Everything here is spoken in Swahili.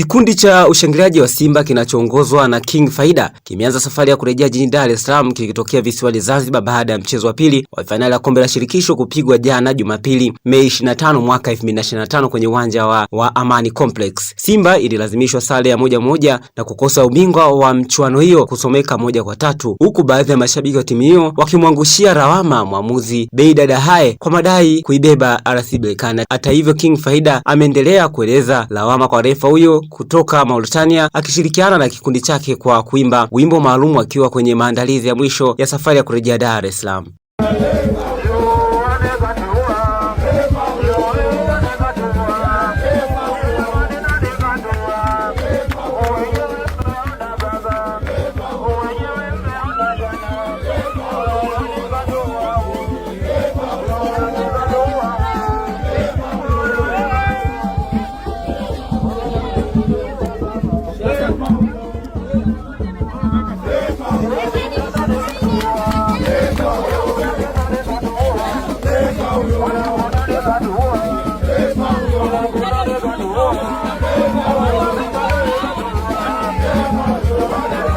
Kikundi cha ushangiliaji wa Simba kinachoongozwa na King Faida kimeanza safari ya kurejea jijini Dar es Salaam kikitokea visiwani Zanzibar baada ya mchezo wa pili wa fainali ya kombe la shirikisho kupigwa jana Jumapili Mei 25 mwaka 2025 kwenye uwanja wa, wa Amani Complex. Simba ililazimishwa sare ya moja moja na kukosa ubingwa wa mchuano hiyo kusomeka moja kwa tatu, huku baadhi ya mashabiki wa timu hiyo wakimwangushia lawama mwamuzi Beida Dahae kwa madai kuibeba RC Berkane. Hata hivyo, King Faida ameendelea kueleza lawama kwa refa huyo kutoka Mauritania akishirikiana na kikundi chake kwa kuimba wimbo maalum akiwa kwenye maandalizi ya mwisho ya safari ya kurejea Dar es Salaam. Oh,